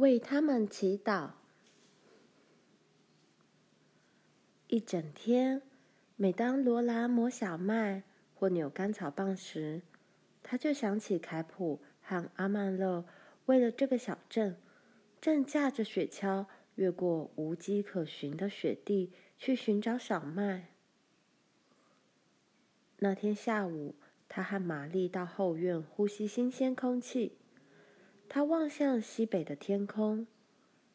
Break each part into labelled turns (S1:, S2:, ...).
S1: 為他們祈禱。一整天，每當羅蘭磨小麥或扭乾草棒時，他就想起凱普和阿曼勒為了這個小鎮，正駕着雪橇越過無跡可尋的雪地去尋找小麥。那天下午，他和瑪麗到後院呼吸新鮮空氣。他望向西北的天空，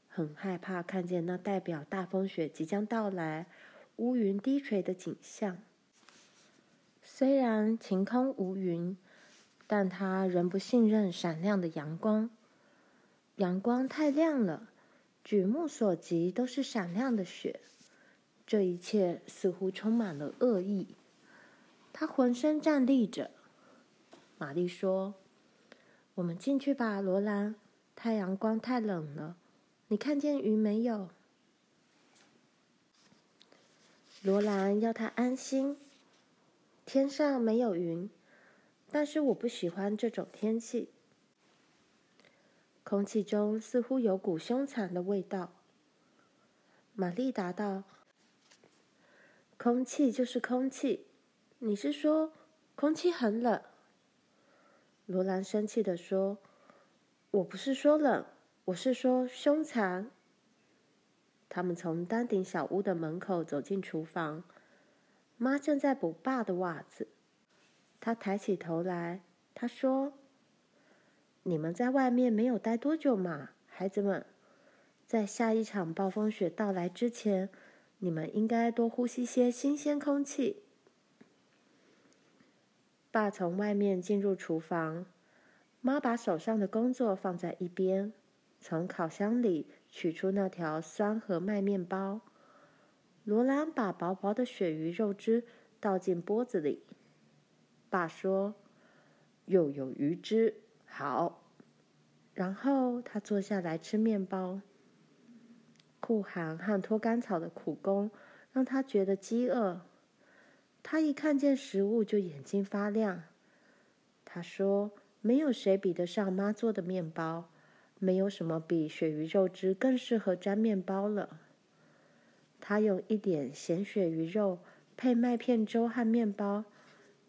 S1: 很害怕看見那代表大風雪即將到來、烏雲低垂的景象。雖然晴空無雲，但他仍不信任閃亮的陽光。陽光太亮了，舉目所及都是閃亮的雪，這一切似乎充滿了惡意。他渾身戰慄著，瑪麗說。我們進去吧，羅蘭。太陽光太冷了。你看見雲沒有？羅蘭要她安心。天上沒有雲，但是我不喜歡這種天氣。空氣中似乎有股兇殘的味道。瑪麗答道：“空氣就是空氣。你是說空氣很冷？”羅蘭生氣地說：“我不是說冷，我是說兇殘。”他們從丹頂小屋的門口走進廚房，媽正在補爸的襪子。她抬起頭來，她說：“你們在外面沒有待多久嘛，孩子們，在下一場暴風雪到來之前，你們應該多呼吸些新鮮空氣。”爸從外面進入廚房，媽把手上的工作放在一邊，從烤箱裡取出那條酸和麥麵包。羅蘭把薄薄的鱈魚肉汁倒進缽子裡。爸說：“又有魚汁，好。”然後他坐下來吃麵包。酷寒和脫乾草的苦工讓他覺得饑餓。他一看見食物就眼睛發亮。他說：“沒有誰比得上媽做的麵包，沒有什麼比鱈魚肉汁更適合沾麵包了。”他用一點鹹鱈魚肉配麥片粥和麵包，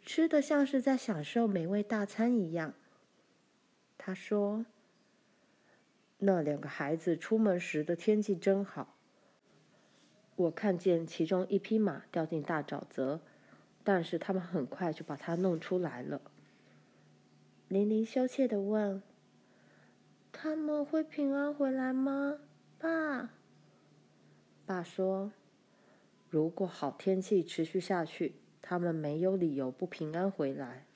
S1: 吃得像是在享受美味大餐一樣。他說：“那兩個孩子出門時的天氣真好。我看見其中一匹馬掉進大沼澤。”但是他們很快就把它弄出來了。玲玲羞怯地問：“他們會平安回來嗎，爸？”爸說：“如果好天氣持續下去，他們沒有理由不平安回來。”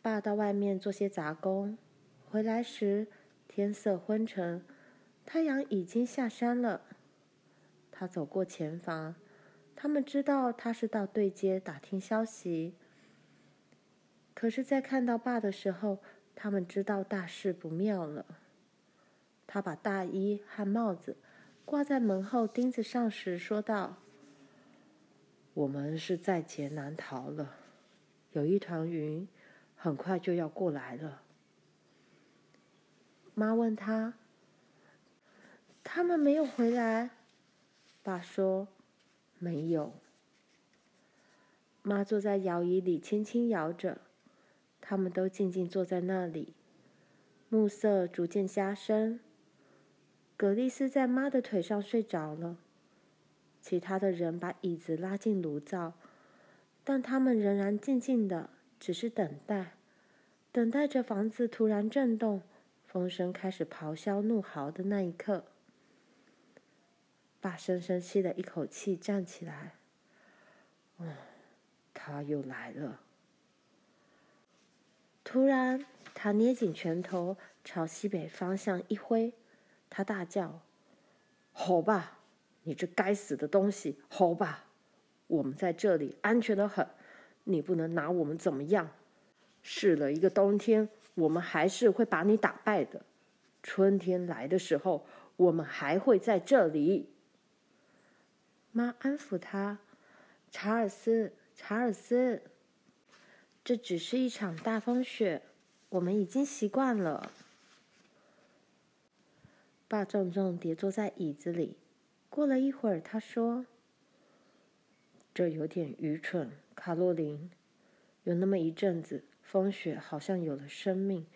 S1: 爸到外面做些雜工，回來時天色昏沉，太陽已經下山了。他走過前房。他們知道他是到對街打聽消息，可是，在看到爸的時候，他們知道大事不妙了。他把大衣和帽子掛在門後釘子上時說道：“我們是在劫難逃了，有一團雲，很快就要過來了。”媽問他：“他們沒有回來？”爸說。沒有。媽坐在搖椅裡輕輕搖着，他們都靜靜坐在那裡。暮色逐漸加深，格麗絲在媽的腿上睡着了。其他的人把椅子拉進爐灶，但他們仍然靜靜的，只是等待，等待着房子突然震動，風聲開始咆哮怒嚎的那一刻。爸深深吸了一口氣，站起來，嗯。他又來了。突然，他捏緊拳頭，朝西北方向一揮。他大叫：“吼吧，你這該死的東西！吼吧，我們在這裡安全得很，你不能拿我們怎麼樣。試了一個冬天，我們還是會把你打敗的。春天來的時候，我們還會在這裡。”媽安撫他：“查爾斯，查爾斯，這只是一場大風雪，我們已經習慣了。”爸重重跌坐在椅子裡。過了一會兒，他說：“這有點愚蠢，卡洛琳。有那麼一陣子，風雪好像有了生命，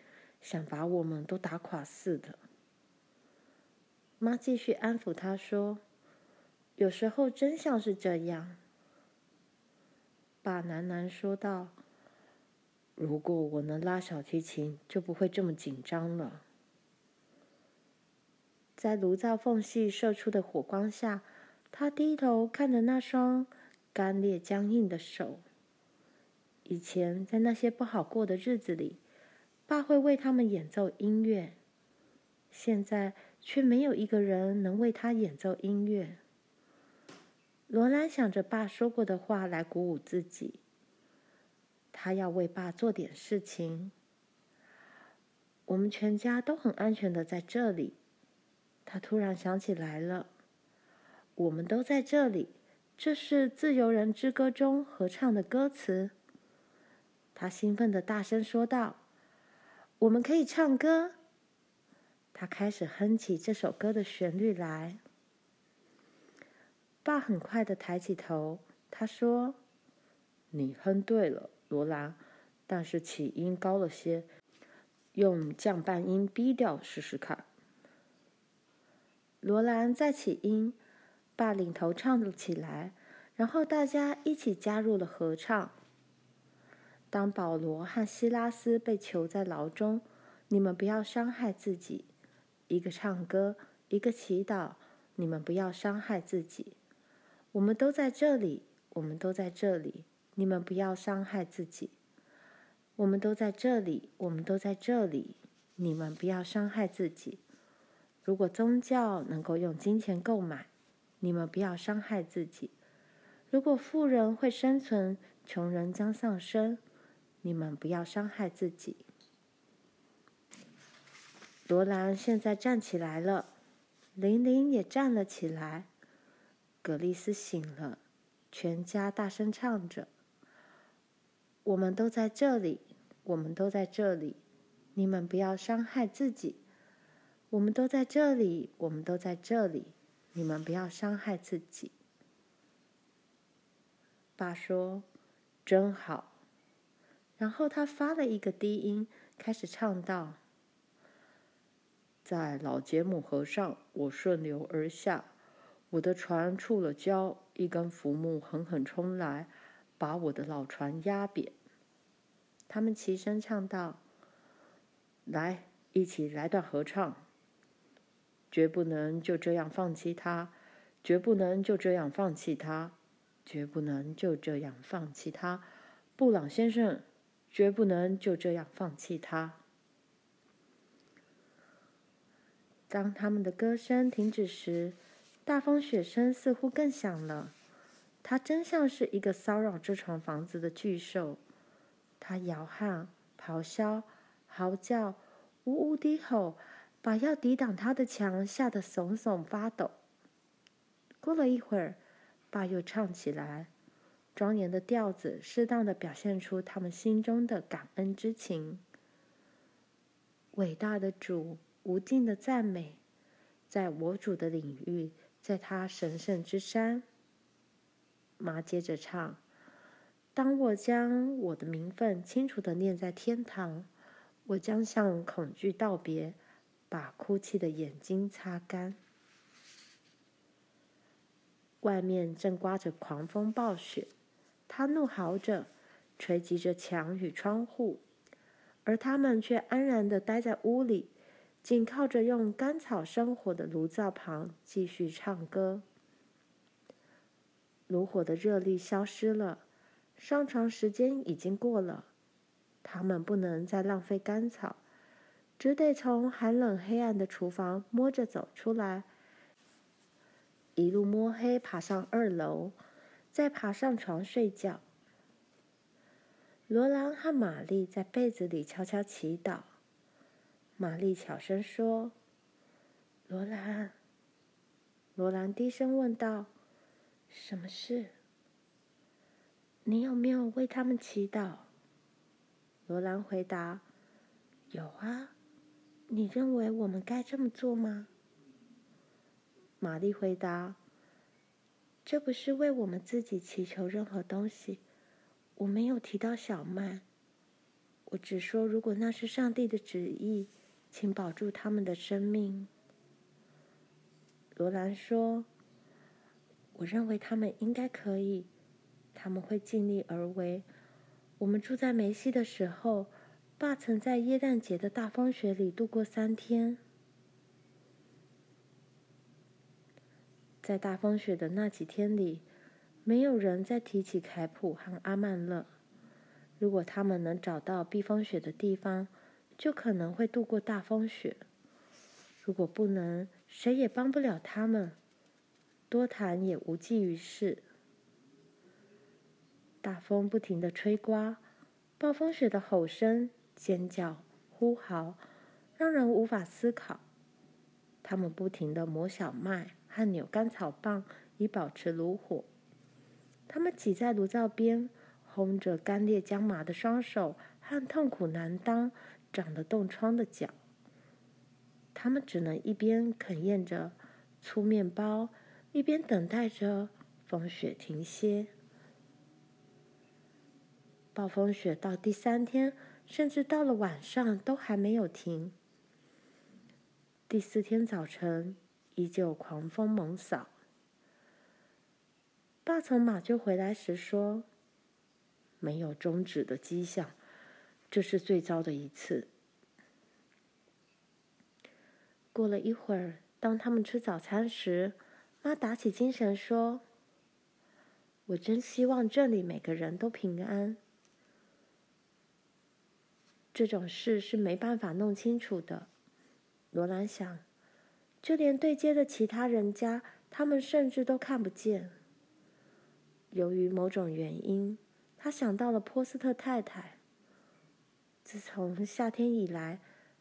S1: 想把我們都打垮似的。”媽繼續安撫他說。有時候真像是這樣，爸喃喃說道：“如果我能拉小提琴，就不會這麼緊張了。”在爐灶縫隙射出的火光下，他低頭看着那雙乾裂、僵硬的手。以前在那些不好過的日子裡，爸會為他們演奏音樂，現在卻沒有一個人能為他演奏音樂。羅蘭想着爸說過的話來鼓舞自己。他要為爸做點事情。我們全家都很安全的在這裡。他突然想起來了，我們都在這裡。這是《自由人之歌》中合唱的歌詞。他興奮的大聲說道：“我們可以唱歌。”他開始哼起這首歌的旋律來。爸很快的抬起頭，他說：“你哼對了，羅蘭，但是起音高了些，用降半音 B 調試試看。”羅蘭再起音，爸領頭唱了起來，然後大家一起加入了合唱。當保羅和希拉斯被囚在牢中，你們不要傷害自己，一個唱歌，一個祈禱，你們不要傷害自己。我們都在這裡，我們都在這裡，你們不要傷害自己。我們都在這裡，我們都在這裡，你們不要傷害自己。如果宗教能夠用金錢購買，你們不要傷害自己。如果富人會生存，窮人將喪生，你們不要傷害自己。羅蘭現在站起來了，玲玲也站了起來。格麗斯醒了，全家大聲唱着：“我們都在這裡，我們都在這裡，你們不要傷害自己。我們都在這裡，我們都在這裡，你們不要傷害自己。”爸說：“真好。”然後他發了一個低音，開始唱道：“在老杰姆河上，我順流而下。”我的船觸了礁，一根浮木狠狠衝來，把我的老船壓扁。他們齊聲唱道：“來，一起來段合唱。絕不能就這樣放棄他，絕不能就這樣放棄他，絕不能就這樣放棄他，布朗先生，絕不能就這樣放棄他。”當他們的歌聲停止時。大風雪聲似乎更響了，它真像是一個騷擾這幢房子的巨獸，它搖撼、咆哮、嚎叫、嗚嗚低吼，把要抵擋它的牆嚇得聳聳發抖。過了一會兒，爸又唱起來，莊嚴的調子，適當的表現出他們心中的感恩之情。偉大的主，無盡的讚美，在我主的領域，在他神聖之山，媽接着唱：“當我將我的名分清楚地念在天堂，我將向恐懼道別，把哭泣的眼睛擦乾。”外面正颳着狂風暴雪，他怒嚎着，錘擊着牆與窗戶，而他們卻安然地待在屋裡。緊靠着用乾草生火的爐灶旁，繼續唱歌。爐火的熱力消失了，上床時間已經過了，他們不能再浪費乾草，只得從寒冷黑暗的廚房摸着走出來，一路摸黑爬上二樓，再爬上床睡覺。羅蘭和瑪麗在被子裡悄悄祈禱。瑪麗悄聲說：“羅蘭。”羅蘭低聲問道：“什麼事？”“你有沒有為他們祈禱？”羅蘭回答：“有啊。”“你認為我們該這麼做嗎？”瑪麗回答：“這不是為我們自己祈求任何東西。我沒有提到小麥，我只說，如果那是上帝的旨意。”請保住他們的生命，羅蘭說：“我認為他們應該可以，他們會盡力而為。我們住在梅西的時候，爸曾在耶誕節的大風雪裡度過三天。在大風雪的那幾天裡，沒有人再提起凱普和阿曼勒。如果他們能找到避風雪的地方。”就可能會度過大風雪。如果不能，誰也幫不了他們，多談也無濟於事。大風不停地吹刮，暴風雪的吼聲、尖叫、呼嚎，讓人無法思考。他們不停地磨小麥和扭乾草棒，以保持爐火。他們擠在爐灶邊，烘着乾裂僵麻的雙手和痛苦難當長着凍瘡的腳，他們只能一邊啃嚥着粗麵包，一邊等待着風雪停歇。暴風雪到第三天，甚至到了晚上都還沒有停。第四天早晨，依舊狂風猛掃。爸從馬廄回來時說：“沒有終止的跡象。”這是最糟的一次。過了一會兒，當他們吃早餐時，媽打起精神說：“我真希望這裡每個人都平安。”這種事是沒辦法弄清楚的，羅蘭想。就連對街的其他人家，他們甚至都看不見。由於某種原因，她想到了波斯特太太。自從夏天以來，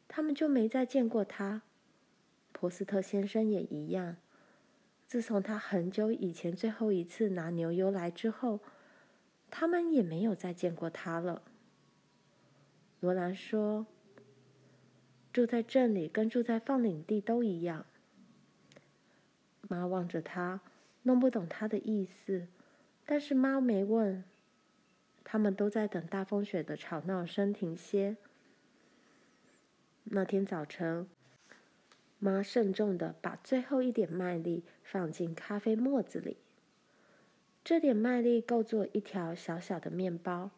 S1: 他們就沒再見過他。波斯特先生也一樣。自從他很久以前最後一次拿牛油來之後，他們也沒有再見過他了。羅蘭說：“住在鎮裡跟住在放領地都一樣。”媽望着他，弄不懂他的意思，但是媽沒問。他們都在等大風雪的吵鬧聲停歇。那天早晨，媽慎重地把最後一點麥粒放進咖啡磨子裡。這點麥粒夠做一條小小的面包。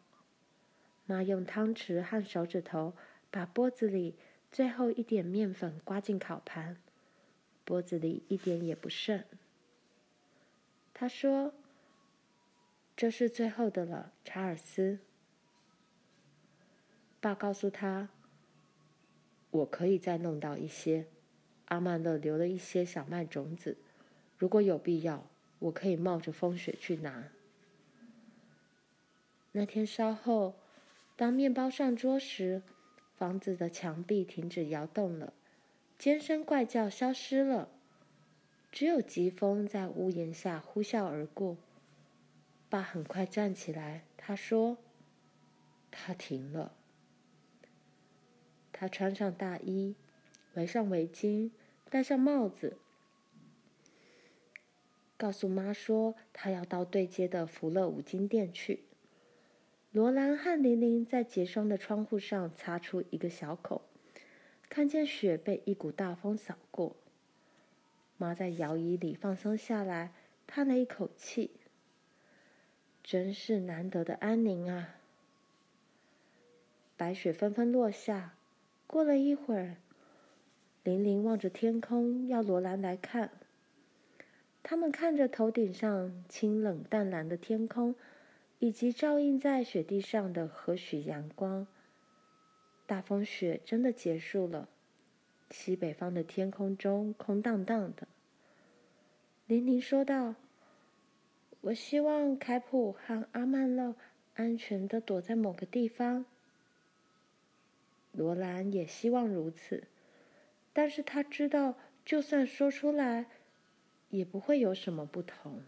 S1: 媽用湯匙和手指頭把缽子裡最後一點面粉刮進烤盤，缽子裡一點也不剩。她說。這是最後的了，查爾斯。爸告訴他：“我可以再弄到一些。”阿曼勒留了一些小麥種子，如果有必要，我可以冒着風雪去拿。那天稍後，當麵包上桌時，房子的牆壁停止搖動了，尖聲怪叫消失了，只有疾風在屋檐下呼嘯而過。爸很快站起來，他說：“他停了。”他穿上大衣，圍上圍巾，戴上帽子，告訴媽說：“他要到對街的福樂五金店去。”羅蘭和玲玲在結霜的窗戶上擦出一個小口，看見雪被一股大風掃過。媽在搖椅裡放鬆下來，嘆了一口氣。真是難得的安寧啊！白雪紛紛落下，過了一會兒，林林望着天空，要羅蘭來看。他們看着頭頂上清冷淡藍的天空，以及照映在雪地上的和煦陽光。大風雪真的結束了，西北方的天空中空蕩蕩的，林林說道。我希望凱普和阿曼樂安全的躲在某個地方。羅蘭也希望如此，但是他知道，就算說出來，也不會有什麼不同。